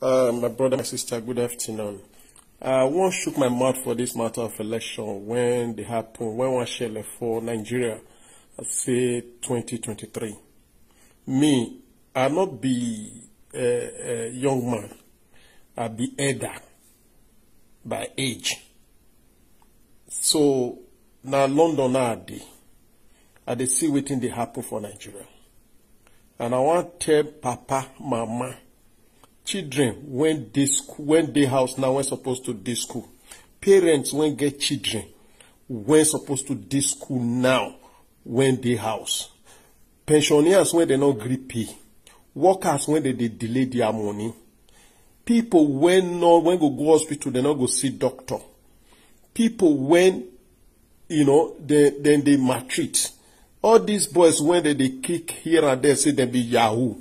Uh, my brother, my sister, good afternoon. I uh, won't shook my mouth for this matter of election when they happen. when one ṣẹlẹ̀ for Nigeria, I say 2023. Me, I not be a, a young man. I be elder by age. So, now London na I dey. I dey see wetin they happen for Nigeria. And I wan tell Papa, Mama, children when dey school when dey house now when suppose to dey school parents when get children when suppose to dey school now when dey house pensioners when dem no gree pay workers when dem dey delay their money people when no when go go hospital dem no go see doctor people when you know dem dem dey maltreat all these boys when dem dey kick here and there say dem be yahoo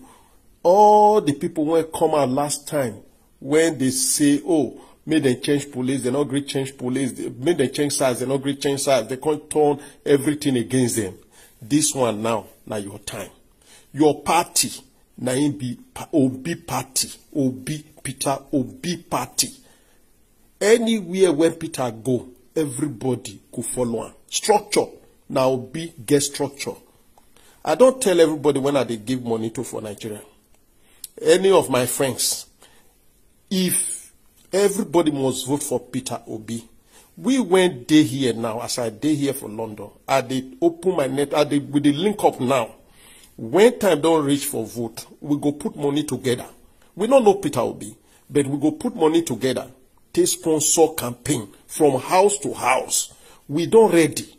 all the people wey come out last time when they say oh make dem change police dem no gree change police make dem change size dem no gree change size dem come turn everything against dem this one now na your time your party na im be obi party obi peter obi party anywhere wey peter go everybody go follow am structure na obi get structure i don tell everybody when i dey give money to for nigeria any of my friends, if everybody must vote for Peter Obi, we went day here now, as I day here for London. I did open my net, I did, we did link up now. When time don't reach for vote, we go put money together. We don't know Peter Obi, but we go put money together. They sponsor campaign from house to house. We don't ready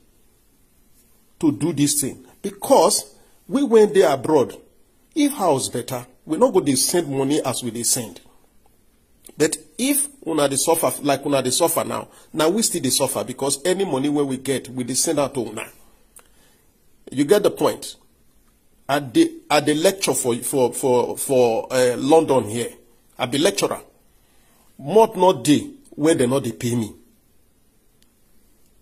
to do this thing because we went there abroad. If house better, we no go dey send money as we dey send but if una dey suffer like una dey suffer now now we still dey suffer because any money where we get we dey send out to una you get the point at the lecture for for for for eh, london here i be lecturer month not day where they not dey pay me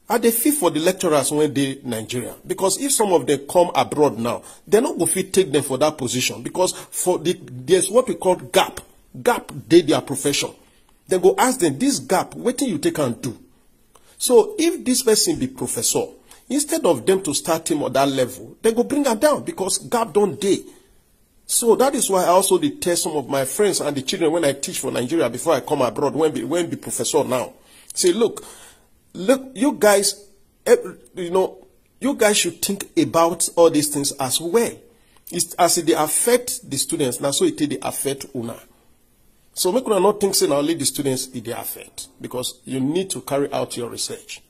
Are the feel for the lecturers when they Nigeria because if some of them come abroad now, dem not go fit take them for that position because for the there's what we call gap. Gap dey their profession. They go ask them this gap wetin you take and do? So if this person be professor, instead of them to start him on that level, they go bring am down because gap don't dey. So that is why I also dey some of my friends and the children when I teach for Nigeria before I come abroad when be when be professor now. Say look Look, you guys, eh, you know, you guys should think about all these things as well. It's as they affect the students, now so it they affect una. So make una not think say now only the students it they affect because you need to carry out your research.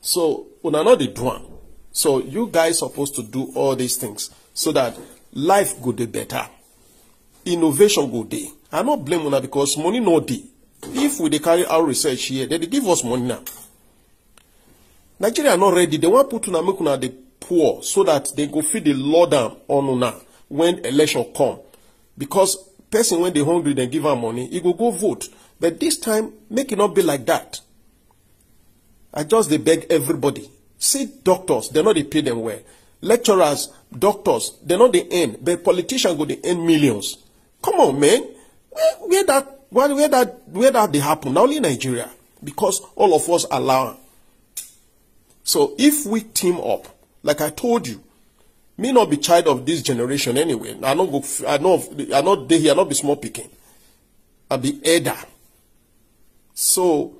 So una not the one. So you guys supposed to do all these things so that life go be better. Innovation go day. I not blame una because money no day. If we dey carry out research here, they dey give us money now. nigeria not ready dem wan put una make una the poor so that they go feed the lord on una when election come because person when they hungry they give her money he go go vote but this time make it not be like that i just they beg everybody see doctors they no they pay them well lecturers doctors they no dey earn but politicians go dey earn millions come on man eh, where that where that where that they happen na only nigeria because all of us allow am So if we team up, like I told you, me not be child of this generation anyway. I not go. I not. I not day here. I not be small picking. I be elder. So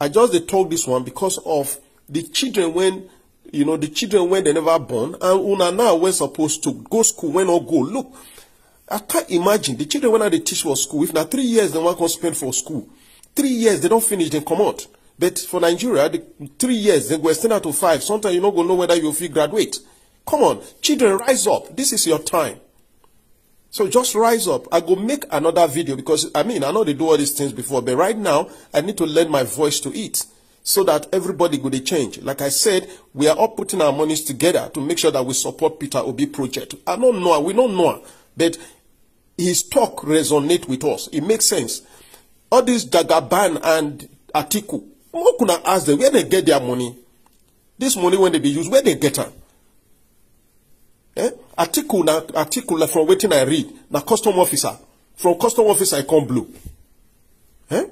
I just they talk this one because of the children when you know the children when they never born and una now when supposed to go school when not go look. I can't imagine the children when they teach for school. If now three years they want to spend for school, three years they don't finish they come out. But for Nigeria, the three years, they were still out to five. Sometimes you're not going to know whether you'll graduate. Come on, children, rise up. This is your time. So just rise up. I go make another video because, I mean, I know they do all these things before, but right now, I need to lend my voice to it so that everybody go to change. Like I said, we are all putting our monies together to make sure that we support Peter Obi project. I don't know, we don't know, but his talk resonate with us. It makes sense. All this Dagaban and Atiku, make una ask dem where they get their money This money wey dem dey use where dem get am eh article na article from wetin i read na custom officer from custom officer I come blow eh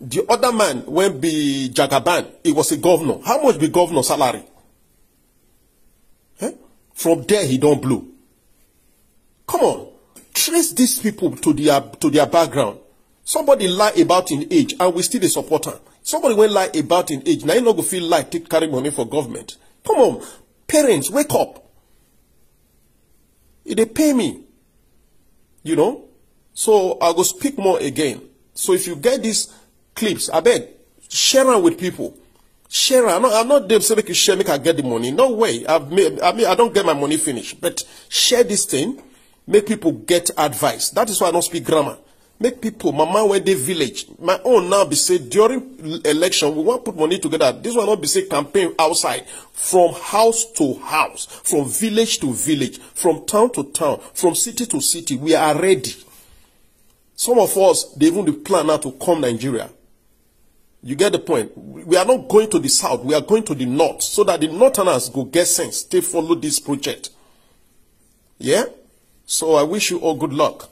the other man wey be jagaban he was a governor how much be governor salary eh from there he don blow come on trace these people to their to their background somebody lie about im age and we still dey support am somebody went lie about in age Now you not go feel like take carry money for government come on parents wake up If they pay me you know so i go speak more again so if you get these clips I beg, share them with people. share am i'm not dey say make you share make i get the money no way i mean i don't get my money finish but share this thing make people get advice that is why i don't speak grammar make people mama wey dey village my own now be say during election we wan put money together this one no be say campaign outside from house to house from village to village from town to town from city to city we are ready some of us dey even dey plan now to come nigeria you get the point we are not going to the south we are going to the north so that the northerners go get sense take follow this project yeah so i wish you all good luck.